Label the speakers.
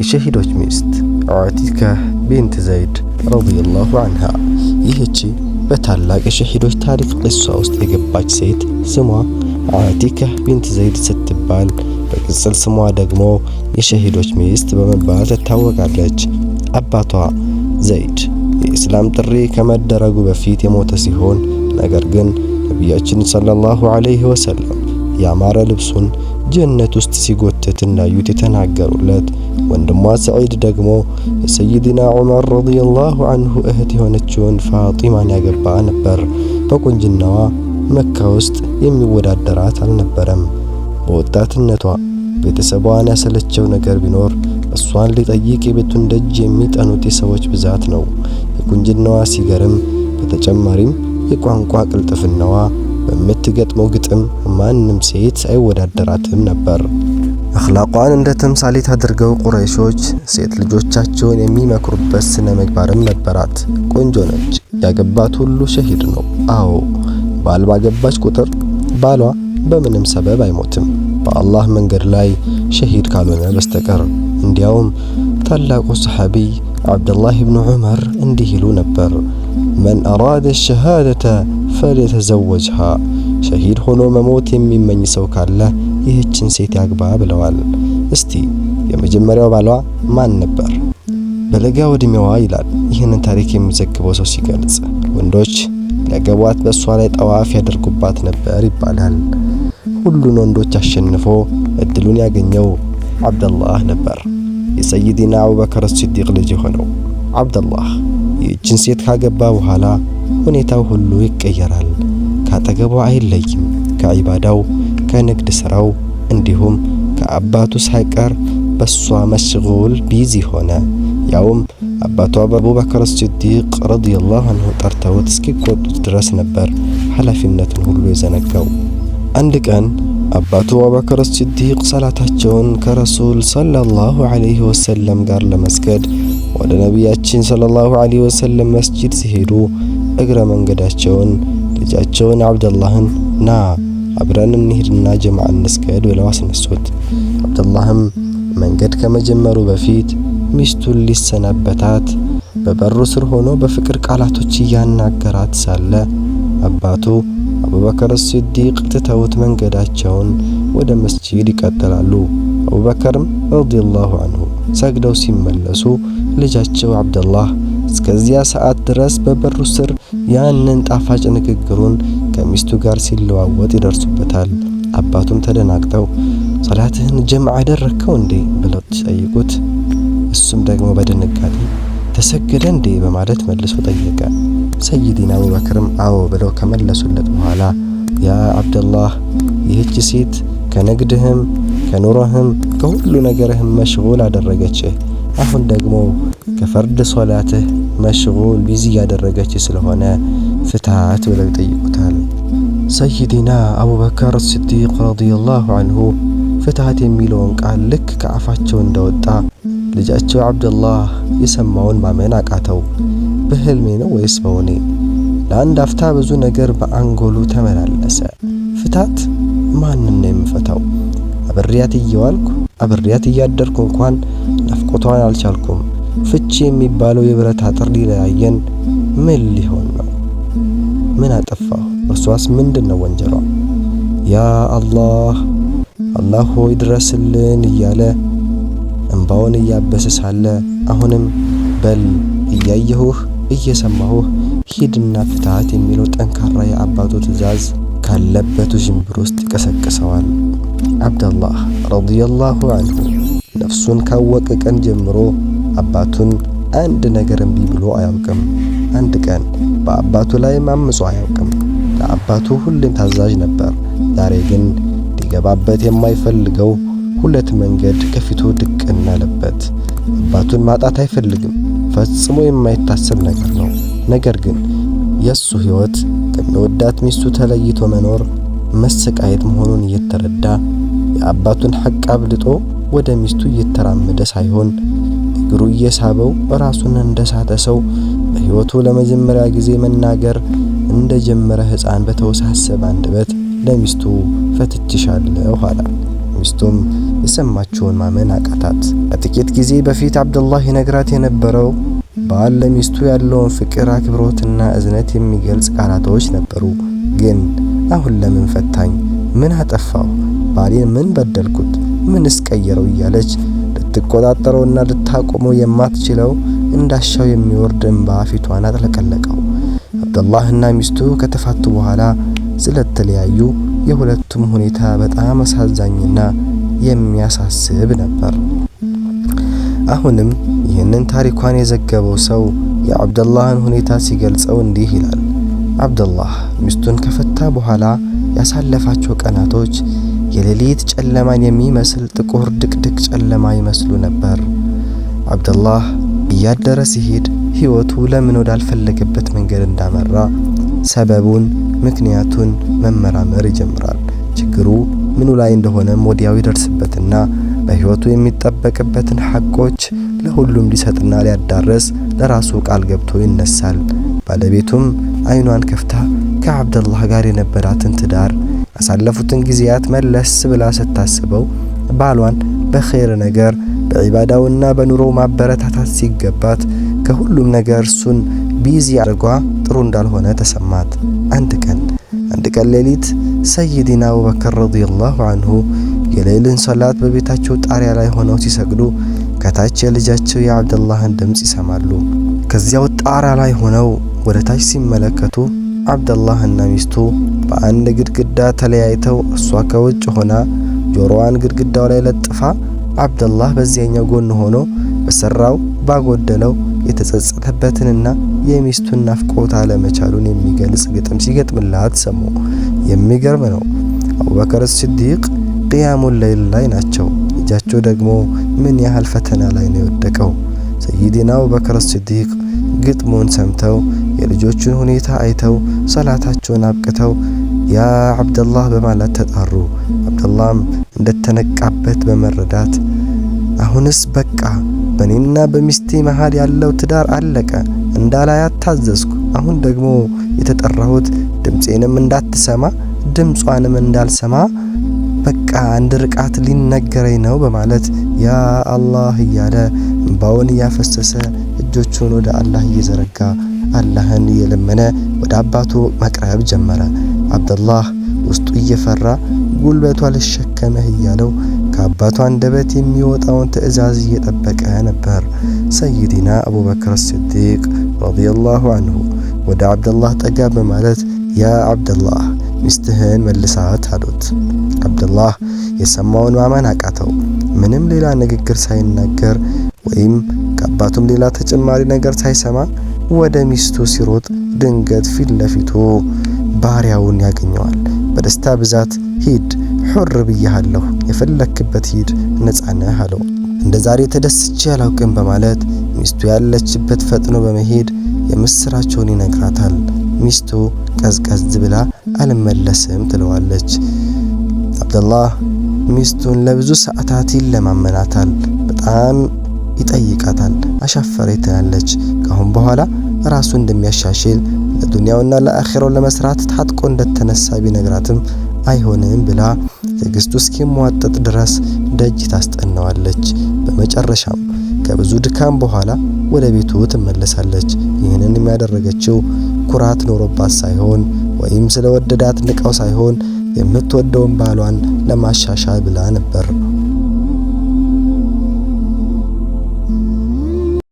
Speaker 1: የሸሂዶች ሚስት ዓቲካ ቢንት ዘይድ ረዲየላሁ አንሃ። ይህቺ በታላቅ የሸሂዶች ታሪክ ቅሷ ውስጥ የገባች ሴት ስሟ ዓቲካ ቢንት ዘይድ ስትባል በቅጽል ስሟ ደግሞ የሸሂዶች ሚስት በመባል ትታወቃለች። አባቷ ዘይድ የእስላም ጥሪ ከመደረጉ በፊት የሞተ ሲሆን ነገር ግን ነቢያችን ሰለላሁ ዐለይሂ ወሰለም ያማረ ልብሱን ጀነት ውስጥ ሲጎትት እንዳዩት የተናገሩለት ወንድሟ ሰዒድ ደግሞ የሰይድና ዑመር ረዲየላሁ አንሁ እህት የሆነችውን ፋጢማን ያገባ ነበር። በቁንጅናዋ መካ ውስጥ የሚወዳደራት አልነበረም። በወጣትነቷ ቤተሰቧን ያሰለቸው ነገር ቢኖር እሷን ሊጠይቅ የቤቱን ደጅ የሚጠኑት የሰዎች ብዛት ነው። የቁንጅናዋ ሲገርም፣ በተጨማሪም የቋንቋ ቅልጥፍናዋ በምትገጥመው ግጥም ማንም ሴት አይወዳደራትም ነበር። አኽላቋን እንደ ተምሳሌት አድርገው ቁረይሾች ሴት ልጆቻቸውን የሚመክሩበት ስነ ምግባርም ነበራት። ቆንጆ ነች፣ ያገባት ሁሉ ሸሂድ ነው። አዎ ባል ባገባች ቁጥር ባሏ በምንም ሰበብ አይሞትም በአላህ መንገድ ላይ ሸሂድ ካልሆነ በስተቀር። እንዲያውም ታላቁ ሰሐቢይ ዓብደላህ ብኑ ዑመር እንዲህ ይሉ ነበር፣ መን አራደ ሸሃደተ ፈለተዘወጅሃ ሸሂድ ሆኖ መሞት የሚመኝ ሰው ካለ ይህችን ሴት ያግባ ብለዋል። እስቲ የመጀመሪያው ባሏ ማን ነበር? በለጋ ዕድሜዋ ይላል ይህንን ታሪክ የሚዘግበው ሰው ሲገልጽ፣ ወንዶች ለገቧት በእሷ ላይ ጠዋፍ ያደርጉባት ነበር ይባላል። ሁሉን ወንዶች አሸንፎ እድሉን ያገኘው አብደላህ ነበር። የሰይድና አቡበከር ሲዲቅ ልጅ የሆነው አብደላህ ይህችን ሴት ካገባ በኋላ ሁኔታው ሁሉ ይቀየራል። ከአጠገቧ አይለይም። ከዒባዳው ከንግድ ሥራው እንዲሁም ከአባቱ ሳይቀር በሷ መሽጉል ቢዚ ሆነ። ያውም አባቱ አቡበከር ስዲቅ ረዲየላሁ አንሁ ጠርተውት እስኪቆጡት ድረስ ነበር ኃላፊነቱን ሁሉ የዘነጋው። አንድ ቀን አባቱ አቡበከር ስዲቅ ሰላታቸውን ከረሱል ሰለላሁ ዐለይሂ ወሰለም ጋር ለመስገድ ወደ ነቢያችን ሰለላሁ ዐለይሂ ወሰለም መስጂድ ሲሄዱ እግረ መንገዳቸውን ልጃቸውን አብደላህን ና አብረን እንሂድና ጀማዓ እንስገድ ብለው አስነሱት። አብደላህም መንገድ ከመጀመሩ በፊት ሚስቱን ሊሰናበታት በበሩ ስር ሆኖ በፍቅር ቃላቶች እያናገራት ሳለ አባቱ አቡበከር ስዲቅ ትተውት መንገዳቸውን ወደ መስጂድ ይቀጥላሉ። አቡበከርም ረዲየላሁ አንሁ ሰግደው ሲመለሱ ልጃቸው አብደላህ እስከዚያ ሰዓት ድረስ በበሩ ስር ያንን ጣፋጭ ንግግሩን ከሚስቱ ጋር ሲለዋወጥ ይደርሱበታል። አባቱም ተደናግጠው ሰላትህን ጀምዕ አደረግከው እንዴ ብለው ሲጠይቁት እሱም ደግሞ በድንጋጤ ተሰገደ እንዴ በማለት መልሶ ጠየቀ። ሰይዲና አቡበክርም አዎ ብለው ከመለሱለት በኋላ ያ አብደላህ ይህች ሴት ከንግድህም ከኑሮህም ከሁሉ ነገርህም መሽጉል አደረገችህ። አሁን ደግሞ ከፈርድ ሶላትህ መሽጉል ቢዚ እያደረገች ስለሆነ ፍትሃት ብለው ይጠይቁታል። ሰይዲና አቡበከር ስዲቅ ረዲየላሁ አንሁ ፍትሃት የሚለውን ቃል ልክ ከአፋቸው እንደወጣ ልጃቸው አብደላህ የሰማውን ማመን አቃተው። በህልሜ ነው ወይስ በውኔ ለአንድ አፍታ ብዙ ነገር በአንጎሉ ተመላለሰ። ፍታት ማንን ነው የምፈታው? አብሬያት እየዋልኩ አብሬያት እያደርኩ እንኳን ናፍቆቷን አልቻልኩም። ፍቺ የሚባለው የብረት አጥር ሊለያየን ምን ሊሆን ነው? ምን አጠፋሁ? እርሷስ ምንድን ነው ወንጀሏ? ያ አላህ አላህ ሆይ ድረስልን እያለ እምባውን እያበሰ ሳለ አሁንም በል እያየሁህ እየሰማሁህ ሂድና ፍትሃት የሚለው ጠንካራ የአባቱ ትዕዛዝ ካለበት ውዥንብር ውስጥ ይቀሰቅሰዋል። አብደላህ ረዲየላሁ አንሁ ነፍሱን ካወቀ ቀን ጀምሮ አባቱን አንድ ነገር እምቢ ብሎ አያውቅም። አንድ ቀን በአባቱ ላይ ማምጾ አያውቅም። ለአባቱ ሁሌም ታዛዥ ነበር። ዛሬ ግን ሊገባበት የማይፈልገው ሁለት መንገድ ከፊቱ ድቅን አለበት። አባቱን ማጣት አይፈልግም። ፈጽሞ የማይታሰብ ነገር ነው። ነገር ግን የእሱ ሕይወት ከሚወዳት ሚስቱ ተለይቶ መኖር መሰቃየት መሆኑን እየተረዳ የአባቱን ሐቅ አብልጦ ወደ ሚስቱ እየተራመደ ሳይሆን እግሩ እየሳበው ራሱን እንደሳተ ሰው በሕይወቱ ለመጀመሪያ ጊዜ መናገር እንደጀመረ ሕፃን በተወሳሰበ አንደበት ለሚስቱ ፈትችሻለሁ አላት። ሚስቱም የሰማችውን ማመን አቃታት። ከጥቂት ጊዜ በፊት አብዱላህ ይነግራት የነበረው ባል ለሚስቱ ያለውን ፍቅር፣ አክብሮትና እዝነት የሚገልጽ ቃላቶች ነበሩ። ግን አሁን ለምን ፈታኝ? ምን አጠፋው? ባሌን ምን በደልኩት? ምን እስቀየረው? እያለች ልትቆጣጠረውና ልታቆመው የማትችለው እንዳሻው የሚወርድ እንባ ፊቷን አጥለቀለቀው። አብደላህና ሚስቱ ከተፋቱ በኋላ ስለተለያዩ የሁለቱም ሁኔታ በጣም አሳዛኝና የሚያሳስብ ነበር። አሁንም ይህንን ታሪኳን የዘገበው ሰው የአብደላህን ሁኔታ ሲገልጸው እንዲህ ይላል። አብደላህ ሚስቱን ከፈታ በኋላ ያሳለፋቸው ቀናቶች የሌሊት ጨለማን የሚመስል ጥቁር ድቅድቅ ጨለማ ይመስሉ ነበር። አብደላህ እያደረ ሲሄድ ሕይወቱ ለምን ወዳልፈለገበት መንገድ እንዳመራ ሰበቡን፣ ምክንያቱን መመራመር ይጀምራል። ችግሩ ምኑ ላይ እንደሆነም ወዲያው ይደርስበትና በሕይወቱ የሚጠበቅበትን ሐቆች ለሁሉም ሊሰጥና ሊያዳረስ ለራሱ ቃል ገብቶ ይነሳል። ባለቤቱም አይኗን ከፍታ ከአብደላህ ጋር የነበራትን ትዳር ያሳለፉትን ጊዜያት መለስ ብላ ስታስበው ባሏን በኸይር ነገር በዒባዳውና በኑሮው ማበረታታት ሲገባት ከሁሉም ነገር እሱን ቢዚ አድርጓ ጥሩ እንዳልሆነ ተሰማት። አንድ ቀን አንድ ቀን ሌሊት ሰይዲና አቡበከር ረዲየላሁ አንሁ የሌልን ሰላት በቤታቸው ጣሪያ ላይ ሆነው ሲሰግዱ ከታች የልጃቸው የአብደላህን ድምፅ ይሰማሉ። ከዚያው ጣሪያ ላይ ሆነው ወደ ታች ሲመለከቱ አብደላህ እና ሚስቱ በአንድ ግድግዳ ተለያይተው እሷ ከውጭ ሆና ጆሮዋን ግድግዳው ላይ ለጥፋ አብደላህ በዚያኛው ጎን ሆኖ በሰራው ባጎደለው የተጸጸተበትንና የሚስቱን ናፍቆት አለመቻሉን የሚገልጽ ግጥም ሲገጥምላት ሰሙ። የሚገርም ነው። አቡበከር ስዲቅ ቅያሙን ለይል ላይ ናቸው። ልጃቸው ደግሞ ምን ያህል ፈተና ላይ ነው የወደቀው? ሰይዲና አቡበከር ሲዲቅ ግጥሙን ሰምተው የልጆቹን ሁኔታ አይተው ሰላታቸውን አብቅተው ያ አብደላህ በማለት ተጣሩ። አብደላህም እንደተነቃበት በመረዳት አሁንስ በቃ በእኔና በሚስቴ መሃል ያለው ትዳር አለቀ፣ እንዳላያት ታዘዝኩ። አሁን ደግሞ የተጠራሁት ድምፄንም እንዳትሰማ ድምጿንም እንዳልሰማ በቃ አንድ ርቃት ሊነገረኝ ነው በማለት ያ አላህ እያለ እምባውን እያፈሰሰ እጆቹን ወደ አላህ እየዘረጋ አላህን እየለመነ ወደ አባቱ መቅረብ ጀመረ። አብደላህ ውስጡ እየፈራ ጉልበቱ አልሸከመህ እያለው ከአባቱ አንደበት የሚወጣውን ትዕዛዝ እየጠበቀ ነበር። ሰይዲና አቡበክር ስዲቅ ረዲየላሁ አንሁ ወደ አብደላህ ጠጋ በማለት ያ አብደላህ ሚስትህን መልሳት አሉት። አብደላህ የሰማውን ማመን አቃተው። ምንም ሌላ ንግግር ሳይናገር ወይም አባቱም ሌላ ተጨማሪ ነገር ሳይሰማ ወደ ሚስቱ ሲሮጥ ድንገት ፊት ለፊቱ ባሪያውን ያገኘዋል። በደስታ ብዛት ሂድ፣ ሑር ብያሃለሁ፣ የፈለክበት ሂድ፣ ነጻነህ አለው። እንደ ዛሬ ተደስቼ አላውቅም በማለት ሚስቱ ያለችበት ፈጥኖ በመሄድ የምስራቸውን ይነግራታል። ሚስቱ ቀዝቀዝ ብላ አልመለስም ትለዋለች። አብደላህ ሚስቱን ለብዙ ሰዓታት ይለማመናታል። በጣም ይጠይቃታል። አሻፈሬ ትላለች። ካሁን በኋላ ራሱ እንደሚያሻሽል ለዱንያውና ለአኼራው ለመስራት ታጥቆ እንደተነሳ ቢነግራትም አይሆንም ብላ ትዕግስቱ እስኪሟጠጥ ድረስ ደጅ ታስጠነዋለች። በመጨረሻም ከብዙ ድካም በኋላ ወደ ቤቱ ትመለሳለች። ይህንን ያደረገችው ኩራት ኖሮባት ሳይሆን ወይም ወደዳት ንቀው ሳይሆን የምትወደውን ባሏን ለማሻሻል ብላ ነበር።